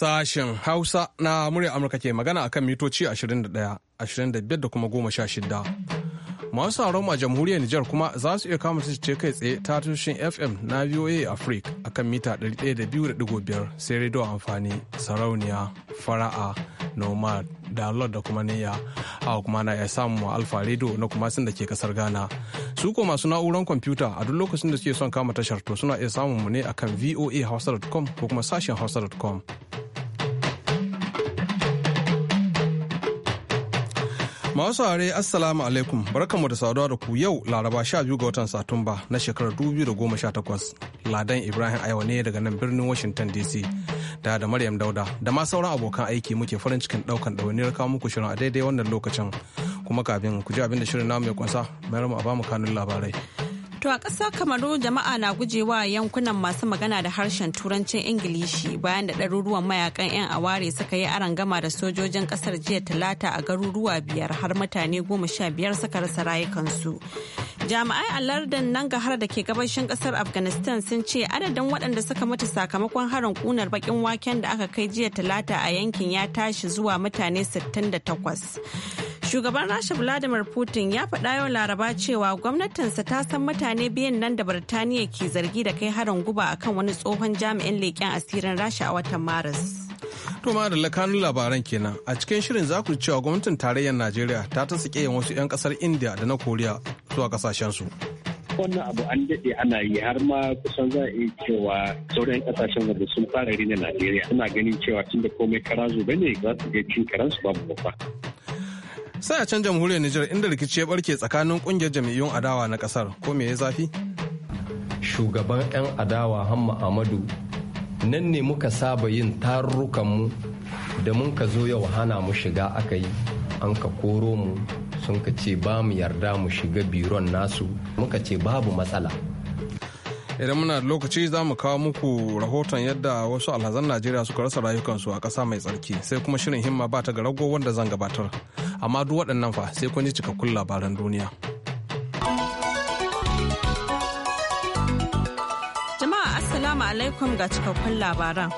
sashen Hausa na murya Amurka ke magana akan mitoci 21, 25 da kuma 16. Masu sauran a jamhuriyar Nijar kuma za su iya kama ce kai tsaye ta tushen FM na VOA Africa akan mita 102.5 sai rediyo amfani sarauniya fara'a nomad download da kuma niyya a kuma na iya samun alfa radio na kuma sun da ke kasar ghana su ko masu na'uran kwamfuta a duk lokacin da suke son kama tashar to suna iya samun mu ne akan voa hausa.com ko kuma sashen hausa.com Masu saurare Assalamu alaikum barkanmu da saduwa da ku yau Laraba sha biyu ga watan Satumba na shekarar da goma sha 2018. Ladan Ibrahim Aiwa ne daga nan birnin Washington DC da da Maryam Dauda da ma sauran abokan aiki muke farin cikin daukan ɗawainiyar kawo muku shirin a daidai wannan lokacin. Kuma kafin ku ji abin da shirin namu ya kunsa, mu a bamu kanun labarai. To a ƙasa kamaru jama'a na gujewa yankunan masu magana da harshen turancin Ingilishi bayan da ɗaruruwan mayakan 'yan aware suka yi gama da sojojin ƙasar jiya talata a garuruwa biyar har mutane goma sha biyar suka rasa rayukansu. jami'ai a lardin nan har da ke gabashin kasar afghanistan sun ce adadin waɗanda suka mutu sakamakon harin kunar bakin waken da aka kai jiya talata a yankin ya tashi zuwa mutane 68 shugaban rasha vladimir putin ya faɗa yau laraba cewa gwamnatinsa ta san mutane biyan nan da birtaniya ke zargi da kai harin guba a kan wani tsohon jami'in leƙen asirin rasha a watan maris to ma da lakanun labaran kenan a cikin shirin za ku cewa gwamnatin tarayyar najeriya ta ta sike wasu 'yan kasar india da na koriya zuwa kasashen kasashensu. wannan abu an daɗe ana yi har ma kusan za a iya cewa sauran kasashen wanda sun fara rina najeriya suna ganin cewa da komai kara zube ne za su je cin karansu babu babba sai a can jamhuriyar nijar inda rikici ya barke tsakanin kungiyar jami'un adawa na kasar ko me ya zafi shugaban 'yan adawa hamma amadu nan ne muka saba yin tarurrukanmu da mun ka zo yau hana mu shiga aka yi an ka koro mu sun ka ce ba mu yarda mu shiga biron nasu muka ce babu matsala idan muna da lokaci za mu kawo muku rahoton yadda wasu alhazan najeriya suka rasa rayukansu a ƙasa mai tsarki sai kuma shirin himma ba ta ga rago wanda zan gabatar amma duk waɗannan fa sai kun ji cikakkun labaran duniya jama'a assalamu alaikum ga cikakkun labaran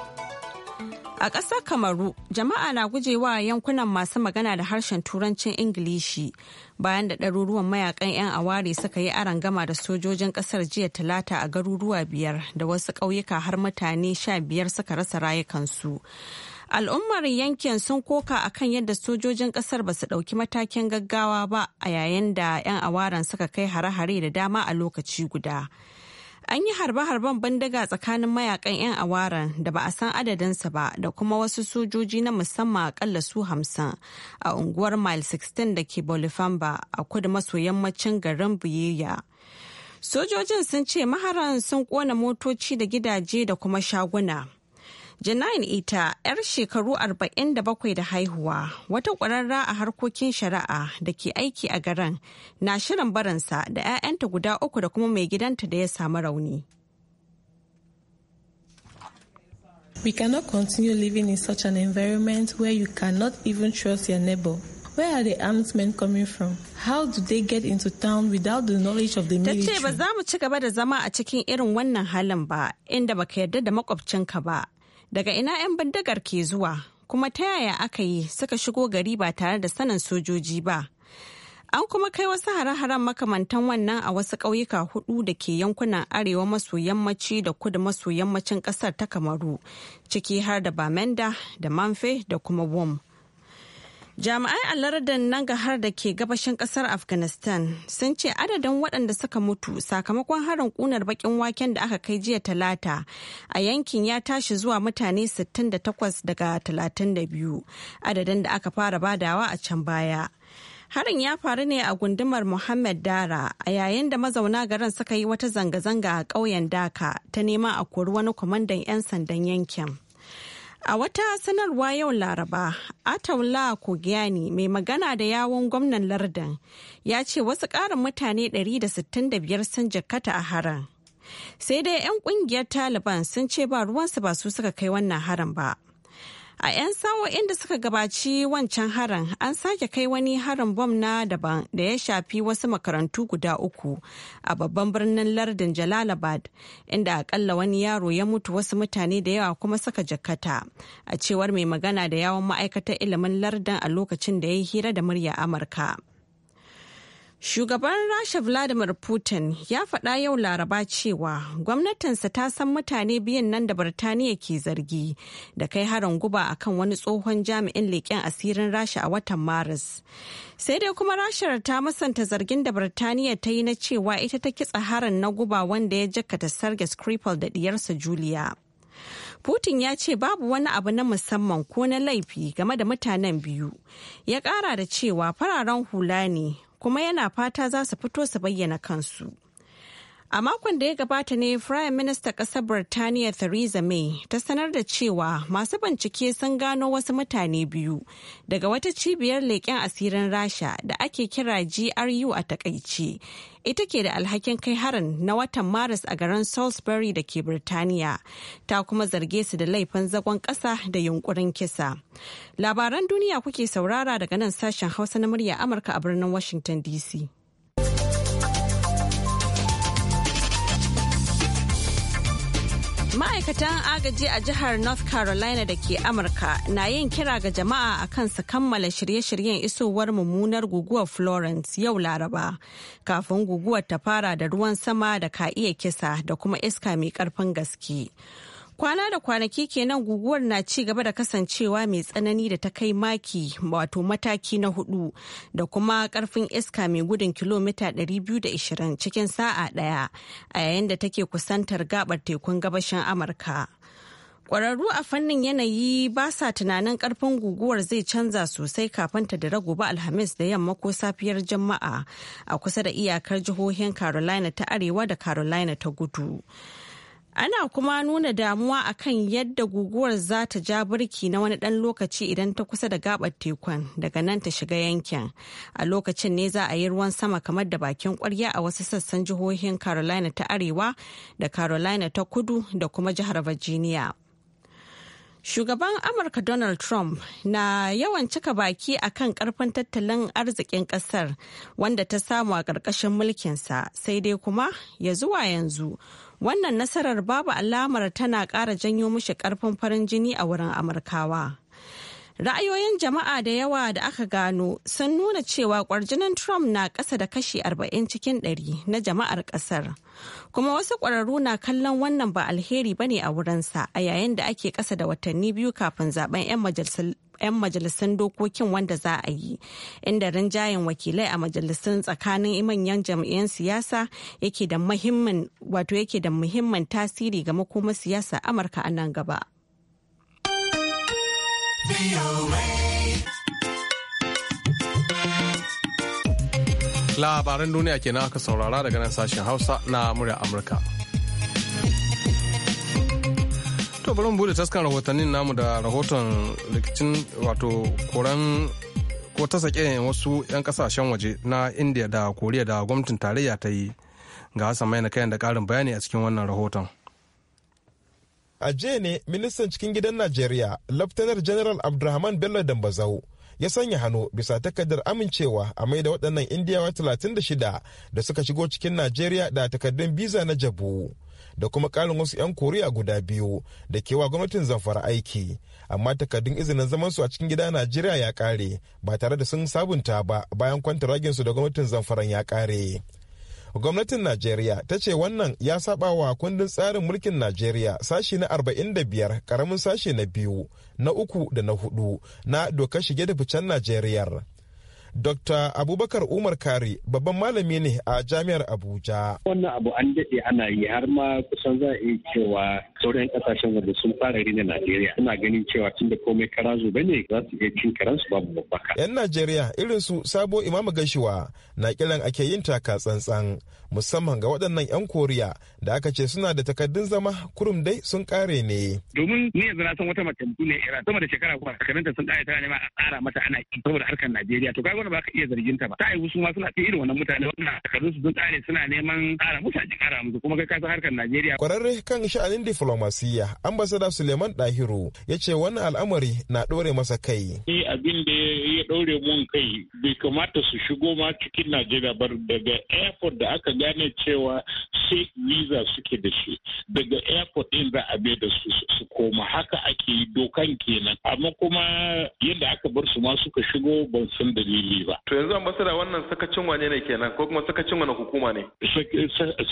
A ƙasar Kamaru, jama'a na gujewa yankunan masu magana da harshen Turancin Ingilishi bayan da ɗaruruwan mayakan 'yan aware suka yi gama da sojojin ƙasar jiya talata a garuruwa biyar da wasu ƙauyuka har mutane sha biyar suka rasa rayukansu. Al'ummar yankin sun koka a kan yadda sojojin ƙasar ba su ɗauki matakin gaggawa ba a yayin da 'yan awaren suka kai hare-hare da dama a lokaci guda. An yi harbe-harben bindiga tsakanin mayakan 'yan awaran da ba a san adadinsa ba da kuma wasu sojoji na musamman akalla su hamsin a unguwar mile 16 da ke Bolifamba a kudu maso yammacin garin Buyeya. Sojojin sun ce maharan sun kona motoci da gidaje da kuma shaguna. Janine Ita, 'yar shekaru 47 da haihuwa, wata ƙwararra a harkokin shari'a da ke aiki a garan na shirin baransa da 'ya'yanta guda uku da kuma mai gidanta da ya samu rauni. We cannot continue living in such an environment where you cannot even trust your neighbor. Where are the armed men coming from? How do they get into town without the knowledge of the military? Ta ba za mu ci gaba da zama a cikin irin wannan halin ba, inda baka yarda da makwabcinka ba. daga ina 'yan bindigar ke zuwa kuma ta yaya aka yi suka shigo gari ba tare da sanin sojoji ba an kuma kai wasu hare-haren makamantan wannan a wasu ƙauyuka hudu da ke yankunan arewa maso yammaci da kudu maso yammacin ƙasar ta kamaru ciki har da bamenda da manfe da kuma wom Jami'ai a lardin har da ke gabashin kasar Afghanistan sun ce adadin waɗanda suka mutu sakamakon harin ƙunar baƙin waken da aka kai jiya talata a yankin ya tashi zuwa mutane 68 daga 32 adadin da aka fara badawa a can baya. Harin ya faru ne a gundumar Muhammad Dara a yayin da mazauna garin suka yi wata zanga-zanga a ƙauyen Daka ta neman a kori wani kwamandan 'yan sandan yankin. A wata sanarwa yau Laraba, Ataula Kogiani, mai magana da yawon gwamnan lardin ya ce wasu ƙarin mutane 165 sun jakata a haran. Sai dai 'yan ƙungiyar Taliban sun ce ba ruwansu ba su suka kai wannan haran ba, A 'yan sa'o'in da suka gabaci wancan harin an sake kai wani harin bom na daban da ya shafi wasu makarantu guda uku a babban birnin lardin Jalalabad inda akalla wani yaro ya mutu wasu mutane da yawa kuma suka jakata A cewar mai magana da yawon ma'aikatar ilimin lardin a lokacin da ya yi hira da murya Amurka. Shugaban Rasha Vladimir Putin ya faɗa yau Laraba cewa gwamnatinsa ta san mutane biyan nan da Birtaniya ke zargi da kai harin guba a kan wani tsohon jami'in leƙen asirin Rasha a watan Maris. Sai dai kuma Rashar ta musanta zargin da Birtaniya ta yi na cewa ita ta kitsa harin na guba wanda ya jakata Sergei Skripal da ɗiyarsa Julia. Putin ya ce babu wani abu na musamman ko na laifi game da mutanen biyu. Ya ƙara da cewa fararen hula ne kuma yana fata za su fito su bayyana kansu. A makon da ya gabata ne Prime Minister ƙasar Birtaniya Theresa May ta sanar da cewa masu bincike sun gano wasu mutane biyu daga wata cibiyar leƙen asirin Rasha da ake kira GRU a takaici. Ita ke da alhakin kai harin na watan Maris a garin Salisbury da ke Birtaniya, ta kuma zarge su da laifin zagon ƙasa da yunkurin kisa. Labaran duniya kuke saurara daga nan sashen Hausa na murya Amurka a birnin Washington DC. Ma'aikatan agaji a jihar North Carolina da ke Amurka na yin kira ga jama'a a kan su kammala shirye-shiryen isowar mummunar guguwar Florence yau Laraba, kafin guguwar ta fara da ruwan sama da ka iya kisa da kuma iska mai karfin gaske. kwana da kwanaki kenan guguwar na ci gaba da kasancewa mai tsanani da ta kai maki wato mataki na hudu da kuma karfin iska mai gudun kilomita 220 cikin sa'a daya a yayin da take kusantar gabar tekun gabashin amurka Ƙwararru a fannin yanayi ba sa tunanin karfin guguwar zai canza sosai kafin ta dira gobe Alhamis da yamma ko safiyar jama'a a kusa da iyakar jihohin Carolina ta Arewa da Carolina ta Gudu. Ana kuma nuna damuwa akan yadda guguwar za ta ja birki na wani ɗan lokaci idan ta kusa da gabar tekun daga nan ta shiga yankin. A lokacin ne za a yi ruwan sama kamar da bakin ƙwarya a wasu sassan jihohin Carolina ta Arewa da Carolina ta Kudu da kuma jihar Virginia. Shugaban Amurka Donald Trump na yawan cika baki a kan karfin tattalin arzikin kasar wanda ta samu a ƙarƙashin mulkinsa sai dai kuma ya zuwa yanzu Wannan nasarar babu alamar tana ƙara janyo mishi ƙarfin farin jini a wurin Amurkawa. Ra'ayoyin jama'a da yawa da aka gano sun nuna cewa kwarjinin Trump na ƙasa da kashi 40 cikin 100 na jama'ar ƙasar. Kuma wasu ƙwararru na kallon wannan ba alheri ba ne a wurinsa a yayin da ake ƙasa da watanni biyu kafin zaben 'yan majalisar 'yan majalisun dokokin wanda za a yi inda rinjayen wakilai a majalisun tsakanin manyan jam'iyyun siyasa yake da muhimmin wato yake da muhimmin tasiri ga makomar siyasa amurka a nan gaba labaran duniya kenan aka saurara daga nan sashen hausa na murya amurka to bari mu bude taskan rahotannin namu da rahoton rikicin wato koran ko ta sake wasu 'yan kasashen waje na indiya da koriya da gwamnatin tarayya ta yi ga hasa mai na kayan da karin bayani a cikin wannan rahoton a jiya ne ministan cikin gidan najeriya laftanar general abdulrahman bello dambazau ya sanya hannu bisa takardar amincewa a mai da waɗannan indiyawa 36 da suka shigo cikin najeriya da takardun biza na jabu da kuma ƙarin wasu 'yan koriya guda biyu da kewa gwamnatin zamfara aiki amma takardun izinin zaman su a cikin gida najeriya ya ƙare ba tare da sun sabunta ba bayan ragin su da gwamnatin zamfaran ya ƙare gwamnatin najeriya ta ce wannan ya saba wa kundin tsarin mulkin najeriya sashi na 45 karamin sashi na biyu na uku da na hudu na dokar shige da ficen najeriyar Dr. Abubakar Umar Kari babban malami ne a Jami'ar Abuja. Wannan abu an daɗe ana yi har ma kusan za a cewa sauran kasashen wanda sun fara yi na Najeriya. Ina ganin cewa tun da komai kara zube ne za su iya cin su babu babbaka. 'Yan Najeriya irin su Sabo Imamu Gashiwa na kiran ake yin taka tsantsan musamman ga waɗannan 'yan Koriya da aka ce suna da takardun zama kurum dai sun ƙare ne. Domin ni yanzu na san wata mace ne sama da shekara kuma takardunta sun ƙare ne nema a tsara mata ana yi. saboda harkar Najeriya. To kaga wani ba ka iya zargin ta ba ta aiwu su ma suna cikin irin wannan mutane na takardun su sun kare suna neman kara musu a kara musu kuma kai kasa harkar Najeriya kwararre kan sha'anin diflomasiyya ambasada Suleiman Dahiru ya ce wannan al'amari na ɗore masa kai ni abin da ya ɗore mun kai bai kamata su shigo ma cikin Najeriya ba daga airport da aka gane cewa sai visa suke da shi daga airport din za a bai da su su koma haka ake yi dokan kenan amma kuma yadda aka bar su ma suka shigo ban san dalili yi ba. To yanzu ambasada wannan sakacin wane ne kenan ko kuma sakacin wani hukuma ne?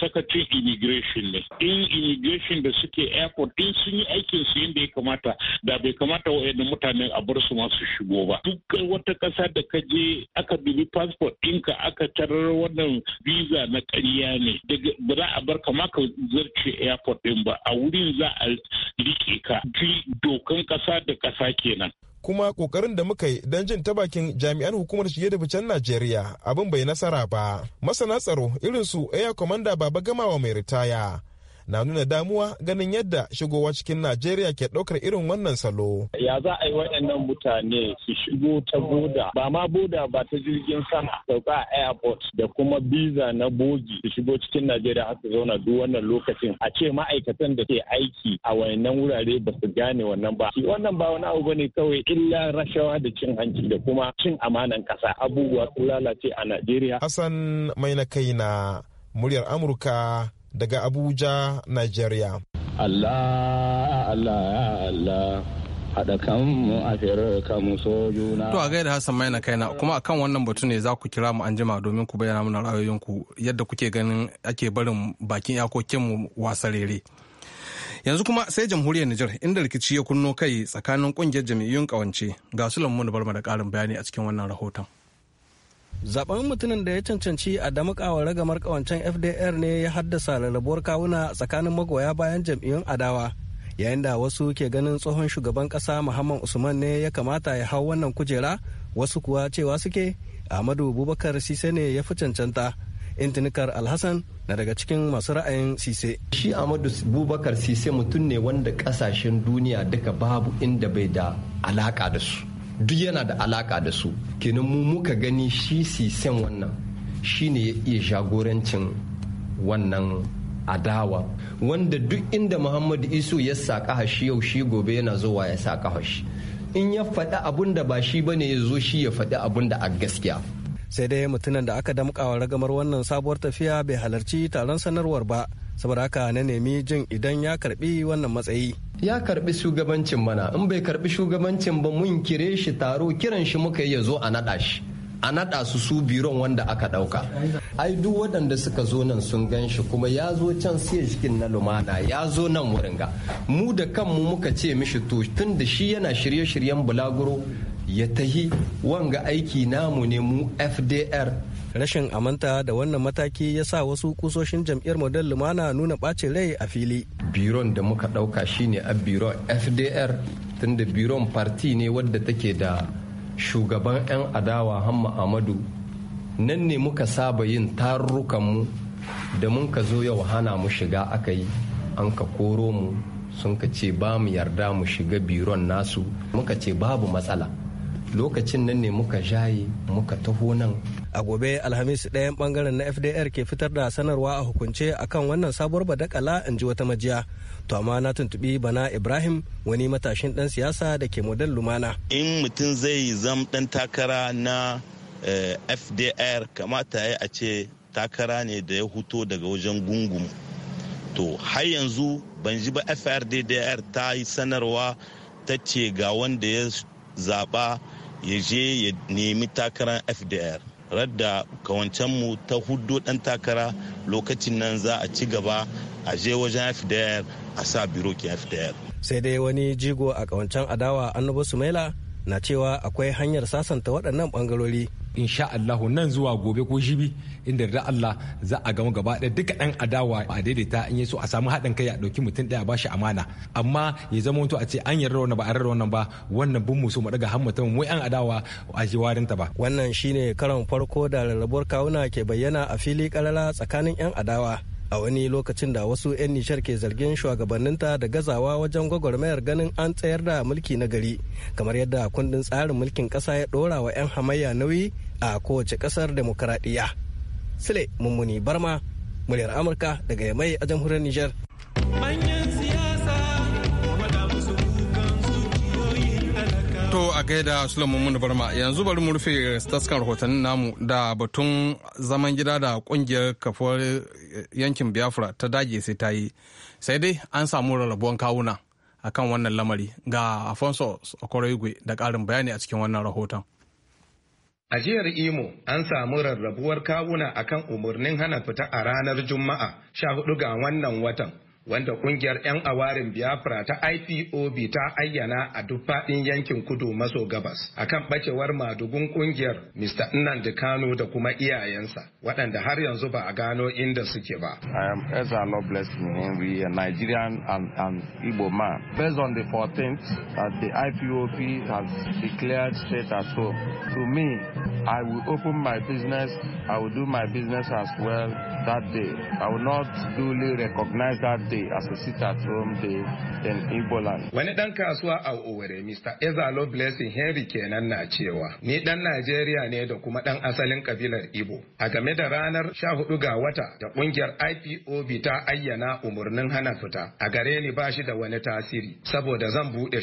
Sakacin immigration ne. In immigration da suke airport din sun yi aikin su yadda ya kamata da bai kamata wa'annan mutane a bar su masu shigo ba. Duk wata ƙasa da ka je aka dubi passport ka aka tarar wannan visa na ƙarya ne. Ba za a bar kama ka zarce airport din ba a wurin za a rike ka. Dokan ƙasa da ƙasa kenan. kuma kokarin da muka yi don jin ta bakin jami'an hukumar shige da ficen najeriya abin bai nasara ba masana tsaro irin su air commander baba gamawa mai ritaya na nuna damuwa ganin yadda shigowa cikin Najeriya ke ɗaukar irin wannan salo. Ya za a yi waɗannan mutane su shigo ta boda ba ma boda ba ta jirgin sama sauka a airport da kuma biza na bogi su shigo cikin Najeriya har zauna duk wannan lokacin a ce ma'aikatan da ke aiki a wannan wurare ba su gane wannan ba. Wannan ba wani abu bane kawai illa rashawa da cin hanci da kuma cin amanan kasa. abubuwa sun lalace a Najeriya. Hassan mai na kai na muryar Amurka daga Abuja, Nigeria. Allah, Allah, Allah. a To a gaida Hassan Maina kaina kuma akan wannan batu ne za ku kira mu anjima domin ku bayyana mana ra'ayoyinku yadda kuke ganin ake barin bakin iyakokinmu wasarere. Yanzu kuma sai jamhuriyar Nijar inda rikici ya kunno kai tsakanin kungiyar jami'un kawance ga da Barma da ƙarin bayani a cikin wannan rahoton. zaben mutumin da ya cancanci a damakawa ragamar kawancen fdr ne ya haddasa rarrabuwar kawuna tsakanin magoya bayan jam'iyyun adawa yayin da wasu ke ganin tsohon shugaban kasa muhammad usman ne ya kamata ya hau wannan kujera wasu kuwa cewa suke ahmadu bubakar sise ne ya fi cancanta intinikar alhassan na daga cikin masu ra'ayin sise shi ahmadu bubakar sise mutum ne wanda kasashen duniya duka babu inda bai da alaka da su duk yana da alaka da su kenan mu muka gani shi sisen wannan shi ne ya iya jagorancin wannan adawa wanda duk inda muhammadu isu ya saƙa shi yau shi gobe yana zuwa ya saƙa shi in ya faɗi abun da ba shi ba ne ya zo shi ya faɗi abun da a gaskiya sai dai mutumin da aka damƙawa ragamar wannan sabuwar tafiya bai halarci taron sanarwar ba saboda haka na nemi jin idan ya karbi wannan matsayi ya karbi shugabancin mana in bai karbi shugabancin ba mun kire shi taro kiran shi muka yi ya zo a naɗa shi a naɗa su su biron wanda aka ɗauka ai duk waɗanda suka zo nan sun gan shi kuma ya zo can jikin na lumana ya zo nan wurin mu da kanmu muka ce mishi to tun da shi yana shirye-shiryen bulaguro ya tahi wanga aiki namu ne mu fdr rashin amanta da wannan mataki ya sa wasu kusoshin jam'iyyar model lumana nuna ɓacin rai a fili biron da muka ɗauka shine a biron fdr tunda biron parti ne wadda take da shugaban 'yan adawa hamma amadu nan ne muka saba yin tarurrukanmu da mun ka zo yau hana mu shiga aka yi an ka koro mu sun ka ce ba mu yarda mu shiga biron nasu muka ce babu matsala lokacin nan ne muka jaye muka taho nan a gobe alhamis ɗayan bangaren na fdr ke fitar da sanarwa a hukunce akan wannan sabuwar badakala in ji wata majiya to amma na tuntubi bana ibrahim wani matashin ɗan siyasa da ke model lumana in mutum zai zam ɗan takara na eh, fdr kamata ya a ce takara ne da ya huto daga wajen gungun to har yanzu ban ji ba frddr ta yi sanarwa ta ce ga wanda ya zaba. ya je ya nemi takarar fdr radda mu ta hudu dan takara lokacin nan za a ci gaba a je wajen fdr a sa biro ki fdr sai dai wani jigo a kawancan adawa annabi sumaila na cewa akwai hanyar sasanta waɗannan ɓangarori. insha Allahu nan zuwa gobe ko jibi inda da Allah za a gama gaba ɗaya duka ɗan adawa a daidaita in so a samu haɗin kai a ɗauki mutum ɗaya ba shi amana amma ya zama wato a ce an yarda wannan ba a yarda wannan ba wannan bin musu mu daga hammata mu an adawa a jiwarin warinta ba wannan shine karan farko da rarrabuwar kawuna ke bayyana a fili kalala tsakanin yan adawa a wani lokacin da wasu 'yan nishar ke zargin shugabanninta da gazawa wajen gwagwarmayar ganin an tsayar da mulki na gari kamar yadda kundin tsarin mulkin ƙasa ya ɗora wa 'yan hamayya nauyi a kowace ƙasar demokaradiyya sile mummuni barma muryar amurka daga yamai a jamhuriyar nijar a gaida Sulaiman Barma yanzu bari mu rufe taskan rahotannin namu da batun zaman gida da kungiyar kafuwar eh, yankin Biafra ta dage sai ta yi. Sai dai an samu rarrabuwan kawuna akan wannan lamari ga Afonso Okoroigwe da karin bayani a cikin wannan rahoton. A jihar Imo an samu rarrabuwar kawuna akan umarnin hana fita a ranar Juma'a 14 ga wannan watan. wanda kungiyar 'yan awarin biafra ta ipob ta ayyana a duk faɗin yankin kudu maso gabas akan ɓacewar madugun kungiyar mr nnamdi kano da kuma iyayensa waɗanda har yanzu ba a gano inda suke ba i am ezra loveless Minenri, a nigerian and, and igbo man based on the 14th that uh, the ipob has declared state at home to me i will open my business i will do my business as well that day i will not duly recognize that day associated from the then Wani ɗan kasuwa a Owerri, Mr. Ezalo Blessing Henry kenan na cewa, ni ɗan Najeriya ne da kuma ɗan asalin kabilar Igbo. A game da ranar 14 ga wata da ƙungiyar IPOB ta ayyana umarnin hana fita, a gare ni ba shi da wani tasiri, saboda zan buɗe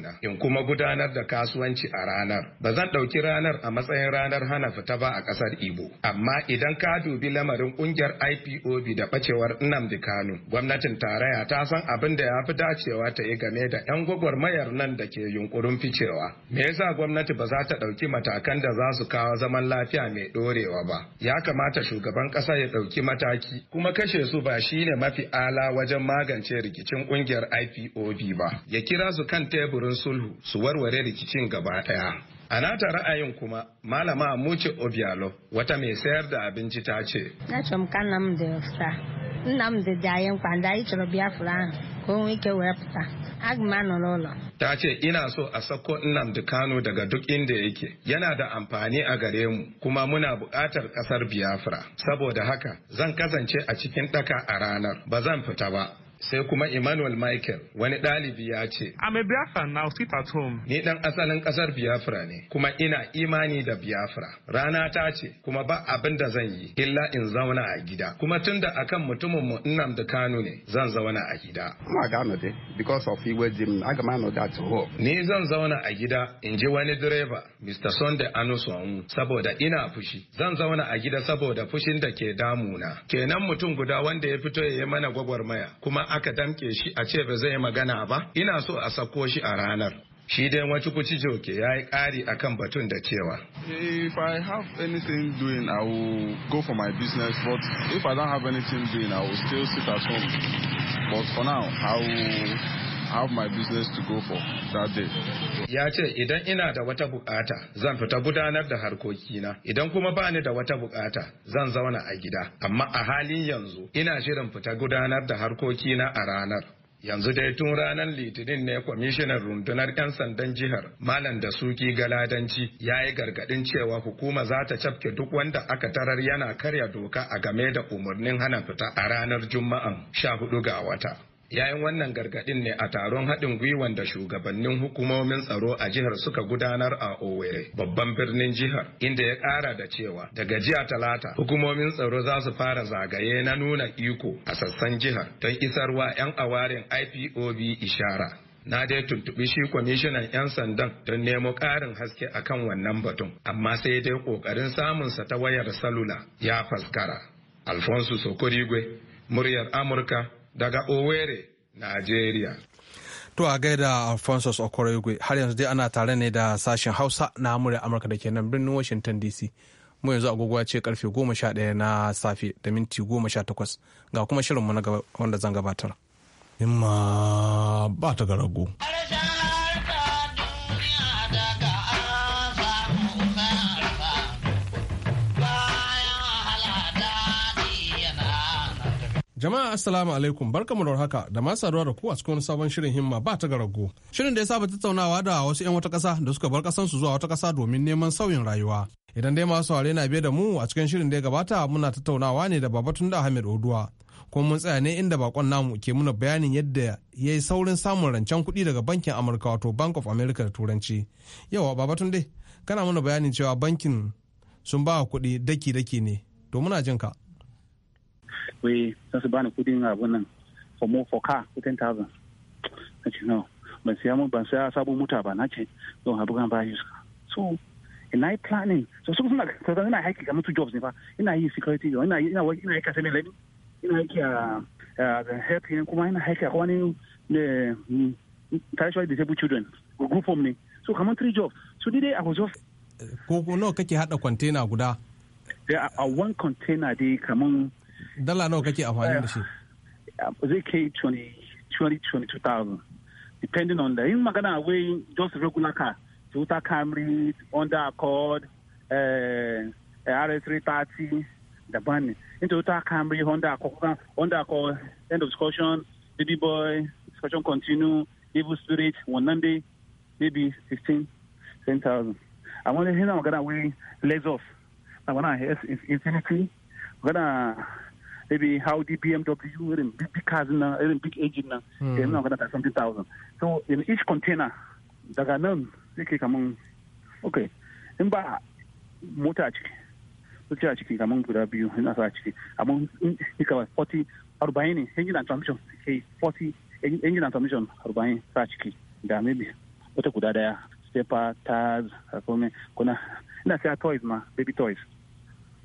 na, in kuma gudanar da kasuwanci a ranar. Ba zan ɗauki ranar a matsayin ranar hana fita ba a ƙasar Igbo. Amma idan ka dubi lamarin ƙungiyar IPOB da ɓacewar Nnamdi Kanu, gwamnatin aikin tarayya ta san abin da ya fi dacewa ta yi game da 'yan gwagwarmayar nan da ke yunkurin ficewa. Me yasa gwamnati ba za ta ɗauki matakan da za su kawo zaman lafiya mai ɗorewa ba? Ya kamata shugaban ƙasa ya ɗauki mataki, kuma kashe su ba shi ne mafi ala wajen magance rikicin ƙungiyar IPOB ba. Ya kira su kan teburin sulhu su warware rikicin gaba ɗaya. A nata ra'ayin kuma malama Amuche Obialo wata mai sayar da abinci ta ce. Na chọmka Nnamdi da yasta. Dayen Kwanda anyị chọrọ Biafra ahụ ka o ko ike were pụta. fita. Agma anọ n'ụlọ. Ta ce ina so a sako Nnamdi Kano daga duk inda yake. Yana da amfani a gare mu kuma muna buƙatar ƙasar Biafra. Saboda haka zan kasance a cikin ɗaka a ranar ba zan fita ba. sai kuma Emmanuel Michael wani ɗalibi ya ce. I'm a Biafran now sit at home. Ni dan asalin ƙasar Biafra ne kuma ina imani da Biafra. Rana ta ce kuma ba abin da zan yi illa in zauna a gida. Kuma tun da akan mutumin mu da Kanu ne zan zauna a gida. Ma gano dai because of iwe jim aga no that home. Ni zan zauna a gida in ji wani direba Mr. Sunday Anusonwu saboda ina fushi. Zan zauna a gida saboda fushin da ke damuna. Kenan mutum guda wanda ya fito ya yi mana gwagwarmaya kuma aka damke shi a ce ba zai magana ba ina so a sako shi a ranar shi dai wacce kuci joke ya yi ƙari a kan batun da cewa. if i have anything doing i will go for my business but if i don't have anything doing i will still sit at home but for now i will have my business to go for that day. Ya ce idan ina da wata bukata zan fita gudanar da harkokina idan kuma ba ni da wata bukata zan zauna a gida amma a halin yanzu ina shirin fita gudanar da harkokina a ranar. Yanzu dai tun ranar Litinin ne kwamishinan rundunar 'yan sandan jihar Malam da Suki Galadanci ya yi gargaɗin cewa hukuma za ta cafke duk wanda aka tarar yana karya doka a game da umarnin hana fita a ranar Juma'an 14 ga wata. yayin wannan gargaɗin ne a taron haɗin gwiwan da shugabannin hukumomin tsaro a jihar suka gudanar a Owerri, babban birnin jihar, inda ya ƙara da cewa daga jiya talata hukumomin tsaro za su fara zagaye na nuna iko a sassan jihar don isarwa 'yan awarin IPOB ishara. na dai tuntuɓi shi kwamishinan 'yan sandan don nemo ƙarin haske a kan wannan batun amma sai dai ƙoƙarin samunsa ta wayar salula ya faskara alfonso sokorigwe muryar amurka daga Owerri, Najeriya. To a gaida Alphonsus okoroigwe har yanzu dai ana tare ne da sashen Hausa na murya Amurka da ke nan birnin Washington DC. Mu yanzu agogo ce karfe goma sha 11 na safe da minti goma sha takwas ga kuma shirinmu na wanda zan gabatar. ma ba ta garago. Jama'a assalamu alaikum barkamu da haka da masu saduwa da ku a cikin sabon shirin himma ba ta garago. Shirin da ya saba tattaunawa da wasu 'yan wata ƙasa da suka bar ƙasansu zuwa wata ƙasa domin neman sauyin rayuwa. Idan dai masu saurare na biye da mu a cikin shirin da ya gabata muna tattaunawa ne da Babatun da Ahmed Oduwa. Kuma mun tsaya ne inda bakon namu ke muna bayanin yadda ya yi saurin samun rancen kuɗi daga bankin Amurka wato Bank of America da Turanci. Yawa Babatun dai kana muna bayanin cewa bankin sun ba kuɗi daki-daki ne. To muna jin ka. wai sun su bani kudin abun nan for more for car ko 10,000 na ce no ban siya mun ban siya sabon mota ba na ce don abu kan ba yuska so ina yi planning so su suna kasan ina haiki kamar su jobs ne ba. ina yi security ina yi ina ina yi mai lalabi ina haiki a help kuma ina haiki a wani traditional disabled children group home ne so kamar three jobs so dide a was ko ko nawa kake hada container guda a one container dai kamar dala nawa kake amfani da shi eh, zai kai 20,000 depending on the yin magana wey just regular car toyota camry under accord eh, eh, rs330 da bani in toyota camry under accord honda accord end of discussion baby boy discussion continue evil spirit wannan dai maybe 15 10,000 amma dai yana magana wai lagos magana infinity magana maybe Audi, BMW, even big cars nan, the big engine na. Hmm. da something thousand. So in each container daga nan zai kai okay, in ba mota a ciki, mota a ciki kaman guda biyu ina sa a ciki, amma in kawai 40, 40 ne, engine and transmission, kai 40, engine and transmission 40 sa a ciki, da maybe wata guda daya, stepper, tires, kome, kuna, ina siya toys ma, baby toys.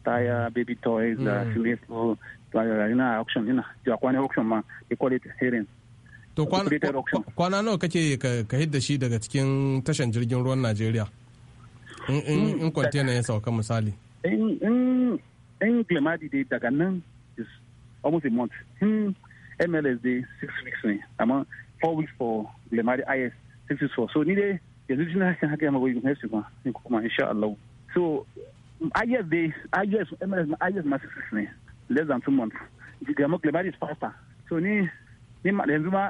taya baby toys mm. uh, yana auction ina ja kwana auction ma they call it hearing to kwana nawa kake ka hidda shi daga cikin tashan jirgin ruwan Najeriya in kwantena hmm. ya sauka misali in glimadi dai daga nan is almost a month in mls dai six weeks ne amma four weeks for glimadi is six weeks for so ni dai yanzu jina hakan haka yamma goyi haisu ma in kuma insha Allah so is dai is mls ma is ma six weeks ne less than two months. Glamadi is faster. So ni ni ma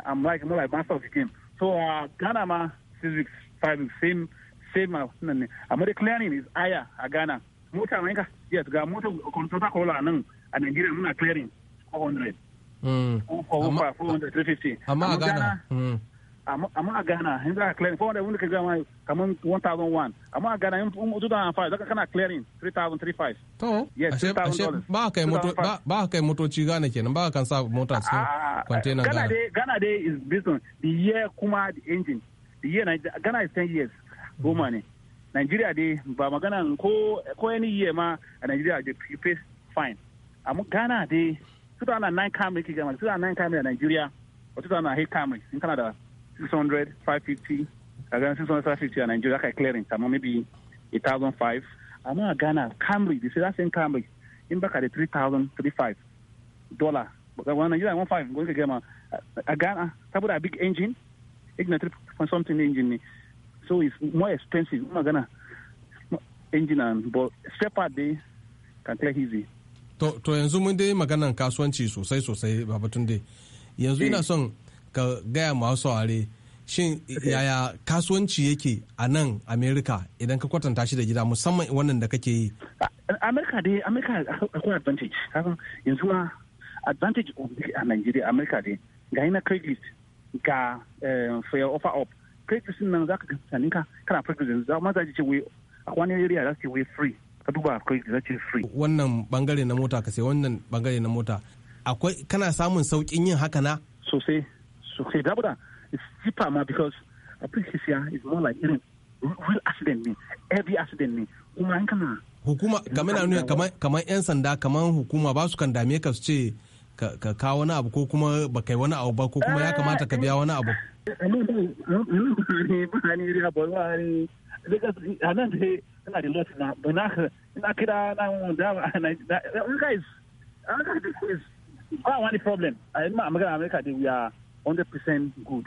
I'm like more like master of the game. So uh, Ghana ma six weeks, five weeks, same same Uh, ne. the clearing is higher a Ghana. Motor, mai yes ga mota controller kola nan a Nigeria muna clearing 400. Mm. 400, 400, 350. Amma a Ghana. Hmm. amma a Ghana in za ka clearing 400 wanda ka gama kamar 1001 amma a Ghana in 2005 zaka kana clearing 3035 to yes 3000 ba kai moto ba kai motoci Ghana kenan ba ka kan sa mota su ah, ah, ah, container Ghana dai Ghana dai is based on the year kuma the engine the year Ghana is 10 years goma mm-hmm. ne Nigeria dai ba magana ko ko any year ma a Nigeria dey pay fine amma Ghana dai 2009 Camry kike gama 2009 Camry a Nigeria 2008 Camry in Canada 600, 550, a Ghana 600, 550 a Nigeria ka clearing maybe 1,005. a Ghana, Camry, the same in baka dollar. Nigeria ka a Ghana, a big engine, something engine So more expensive, engine and but spare part can clear easy. To, yanzu mun dai maganan kasuwanci sosai sosai babatun dai. Yanzu eh. ina son ka gaya masu aure shin yaya kasuwanci yake a nan america idan ka kwatanta shi da gida musamman wannan da kake yi america dai america akwai advantage yanzu ma advantage a nigeria america dai ga na credit ga eh, for your offer up credit nan za ka tunanin ka kana credit yanzu za ma za ce wai a wani area za ce wai free ka duba credit za ce free wannan bangare na mota ka sai wannan bangare na mota akwai kana samun saukin yin haka na sosai so Sosai Dabuda it's deeper ma because I think abin sisiya is more like you know real accident me every accident me Kuma an kana hukuma kamar na nuna kamar yan sanda kamar hukuma ba su kan dame ka su ce ka kawo wani abu ko kuma ba kai wani abu ba ko kuma ya kamata ka biya wani abu. ina da lot na ba na ina kira na da na guys an ka ba wani problem a ma magana America dai we are 100% good.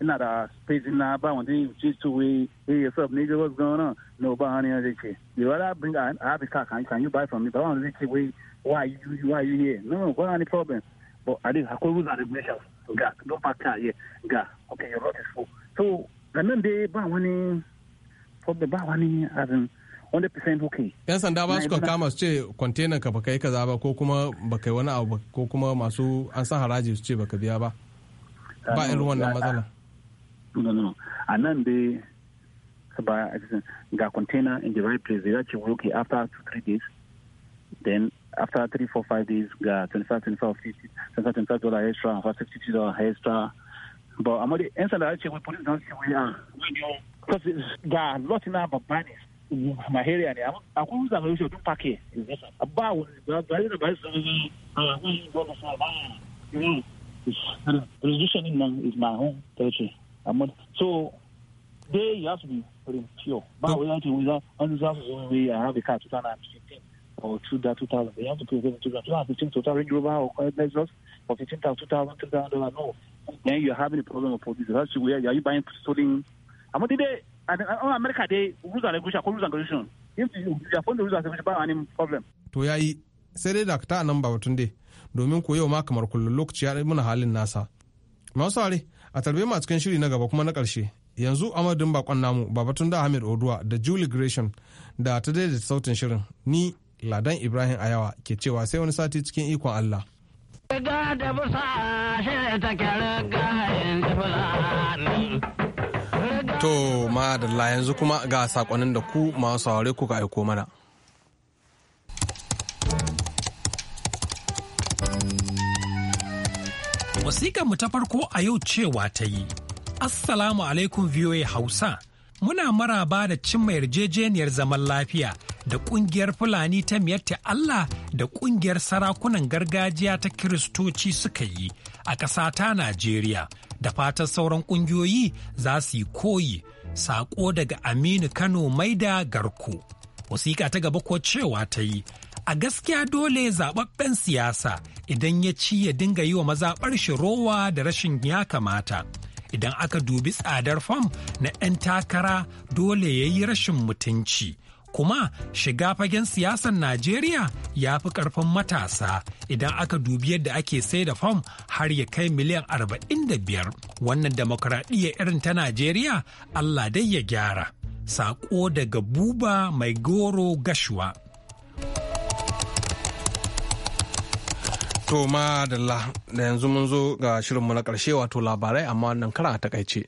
Ina da space na ba wani just to way, hey, what's up, nigga, what's going on? No, ba honey, I say, you rather bring, I have a car, can, can you buy from me? But I want to say, why you, why you here? No, no, what any problem? But I think I could use regulations. Ga, don't park car here. Ga, okay, your road is full. So, and then they ba wani, problem ba wani, as in, 100% okay. Yan sanda ba su kama su ce kwantenan ka baka yi kaza ba ko kuma baka yi wani abu ko kuma masu an san haraji su ce baka biya ba. ba irin wannan matsala a nan dai ba ga container in the right place ya ce okay after two three days then after three four five days ga 25 25 50 25 dollar extra and dollar extra but amma dai yan sanda ce wai police don ce wai because ga lot na babba ne ne akwai wuza ga yushe dun fake ba wani ba da ba su zama zama zama zama zama zama zama Resolution in my, is my home territory. I'm not, so there you have to be pure. But without you, without unreserved way, I have a car 2015 or two, 2000. You have to pay 2015 total Range Rover or Lexus for fifteen thousand two dollars No. Then you're having a problem of this. That's where are you buying stolen? I'm not there. Oh, America, they rules and regulation. If you, are following the rules and regulation, but any problem. To sai dai dakata a nan ba batun dai domin ko yau ma kamar kullum lokaci ya muna halin nasa masu ware a tarbe ma cikin shiri na gaba kuma na karshe yanzu amadin bakon namu babatun da hamid oduwa da julie gresham da ta da sautin shirin ni ladan ibrahim ayawa ke cewa sai wani sati cikin ikon allah yanzu To, ma da yanzu kuma ga saƙonin da ku masu saurari kuka aiko mana. mu ta farko a yau cewa ta yi, Assalamu alaikum VOA Hausa, muna maraba da cimma yarjejeniyar zaman lafiya da ƙungiyar Fulani ta miyatta Allah da ƙungiyar sarakunan gargajiya ta Kiristoci suka yi a ƙasa ta Najeriya, da fatan sauran ƙungiyoyi za su yi koyi, saƙo daga Aminu Kano Maida Garko. Wasiƙa ta gaba ko cewa ta yi, a gaskiya dole zaɓaɓɓen siyasa idan ya ci ya dinga yi wa maza shi rowa da rashin ya kamata. Idan aka dubi tsadar fam na 'yan takara dole ya yi rashin mutunci. Kuma shiga fagen siyasar Najeriya ya fi ƙarfin matasa idan aka dubi yadda ake sai da fam har ya kai miliyan arba'in da biyar, wannan demokradiyya irin ta Najeriya Allah dai ya gyara. Saƙo daga buba mai goro gashuwa. To ma da yanzu mun zo ga shirinmu na ƙarshe wato labarai amma wannan kara a takaice.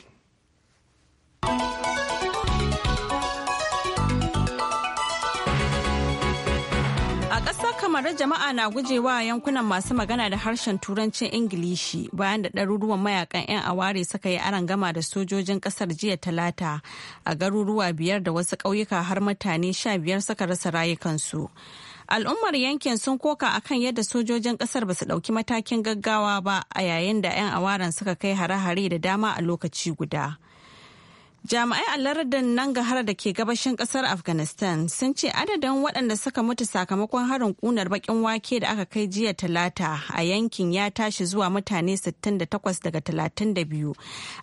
A ƙasar jama'a na gujewa yankunan masu magana da harshen turancin Ingilishi bayan da ɗaruruwan mayakan 'yan aware suka yi aran gama da sojojin ƙasar jiya talata a garuruwa biyar da wasu ƙauyuka har mutane sha biyar suka rasa rayukansu. Al'ummar yankin sun koka akan yadda sojojin kasar ba su ɗauki matakin gaggawa ba a yayin da 'yan awaran suka kai hare-hare da dama a lokaci guda. Jami'ai a lardin har da ke gabashin kasar Afghanistan sun ce adadin waɗanda suka mutu sakamakon harin ƙunar baƙin wake da aka kai jiya talata a yankin ya tashi zuwa mutane 68 daga 32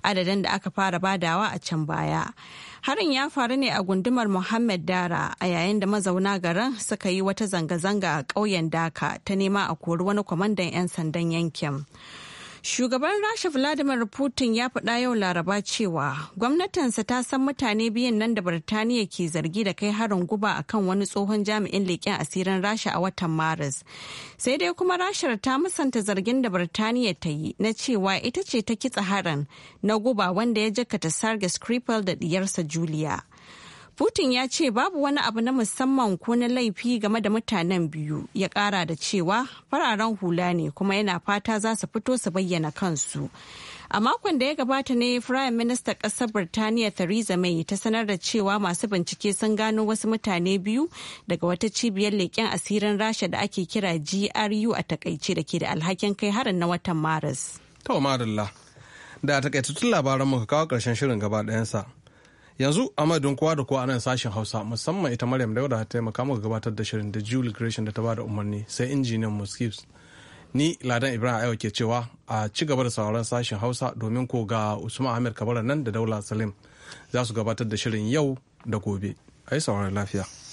adadin da aka fara badawa a can baya. Harin ya faru ne a gundumar Muhammad Dara a yayin da mazauna garin suka yi wata zanga-zanga a ƙauyen Daka ta nema a kori wani kwamandan 'yan sandan yankin. Shugaban Rasha Vladimir Putin ya faɗa yau Laraba cewa gwamnatinsa ta san mutane biyan nan da Birtaniya ke zargi da kai harin guba kan wani tsohon jami'in leƙen asirin Rasha a watan Maris. Sai dai kuma Rashar ta musanta zargin da Birtaniya ta yi na cewa ita ce ta kitsa harin na guba wanda ya jakata sarge Skripal da diyarsa Julia. Putin ya ce babu wani abu na musamman ko na laifi game da mutanen biyu ya kara da cewa fararen hula ne kuma yana fata za su fito su bayyana kansu. A makon da ya gabata ne Firayim Minista ƙasar Birtaniya Theresa May ta sanar da cewa masu bincike sun gano wasu mutane biyu daga wata cibiyar leƙen asirin Rasha da ake kira GRU a takaice da ke da alhakin kai harin na watan Maris. Tawa Marilla, da takaitattun labaran muka kawo ƙarshen shirin gaba ɗayansa. yanzu madadin kowa da kowa nan sashen hausa musamman ita maryam dauda ta taimaka muka gabatar da shirin da jewel creation da ta bada umarni sai injiniyan muskips ni ladan ibrahim ayo ke cewa a ci gaba da sauran sashen hausa domin ko ga usman ahmed kabara nan da daula salim za su gabatar da shirin yau da gobe a yi sauran lafiya